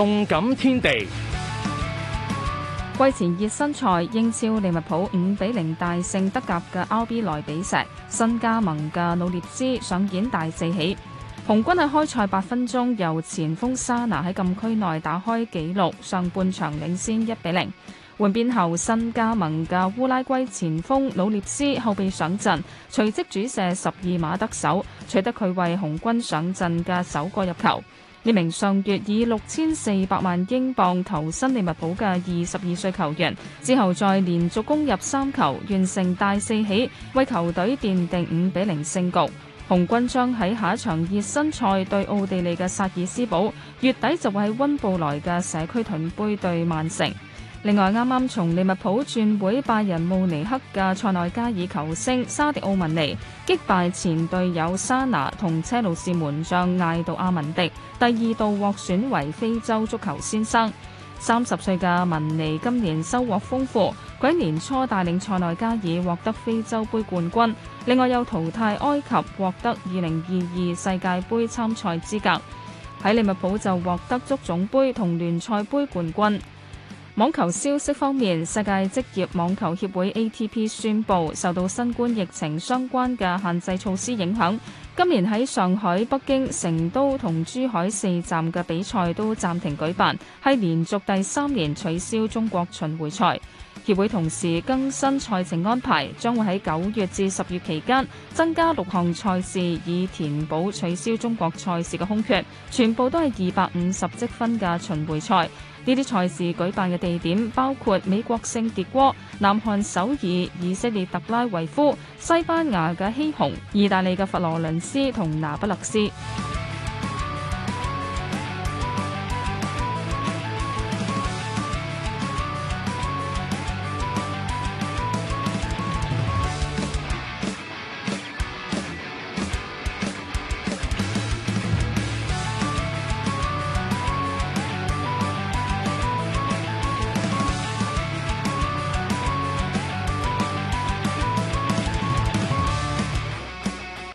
動感天地，季前熱身賽，英超利物浦五比零大勝德甲嘅 RB 萊比錫，新加盟嘅努涅斯上演大四喜，紅軍喺開賽八分鐘由前鋒沙拿喺禁區內打開紀錄，上半場領先一比零，換邊後新加盟嘅烏拉圭前鋒努涅斯後備上陣，隨即主射十二碼得手，取得佢為紅軍上陣嘅首個入球。呢名上月以六千四百萬英鎊投身利物浦嘅二十二歲球員之後再連續攻入三球，完成大四喜，為球隊奠定五比零勝局。紅軍將喺下一場熱身賽對奧地利嘅薩爾斯堡，月底就會喺溫布萊嘅社區盾杯對曼城。另外，啱啱從利物浦轉會拜仁慕尼黑嘅塞內加爾球星沙迪奧文尼擊敗前隊友沙拿同車路士門將艾杜阿文迪，第二度獲選為非洲足球先生。三十歲嘅文尼今年收穫豐富，佢年初帶領塞內加爾獲得非洲杯冠軍，另外又淘汰埃及獲得二零二二世界盃參賽資格。喺利物浦就獲得足總杯同聯賽杯冠軍。網球消息方面，世界職業網球協會 ATP 宣布，受到新冠疫情相關嘅限制措施影響，今年喺上海、北京、成都同珠海四站嘅比賽都暫停舉辦，係連續第三年取消中國巡迴賽。協會同時更新賽程安排，將會喺九月至十月期間增加六項賽事，以填補取消中國賽事嘅空缺，全部都係二百五十積分嘅巡迴賽。呢啲賽事舉辦嘅地點包括美國聖迭戈、南韓首爾、以色列特拉維夫、西班牙嘅希洪、意大利嘅佛羅倫斯同拿不勒斯。